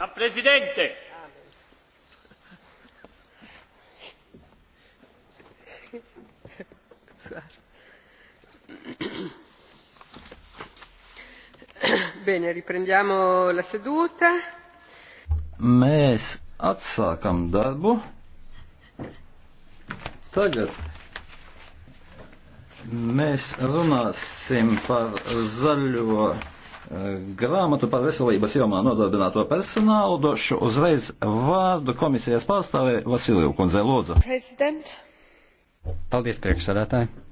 La Presidente! Bene, riprendiamo la seduta. Mēs atsākam darbu. Tagad mēs runāsim par zaļo grāmatu par veselības jomā nodarbināto personālu došu uzreiz vārdu komisijas pārstāvē Vasiliju kundzei Lūdzu. President. Paldies, priekšsēdētāji!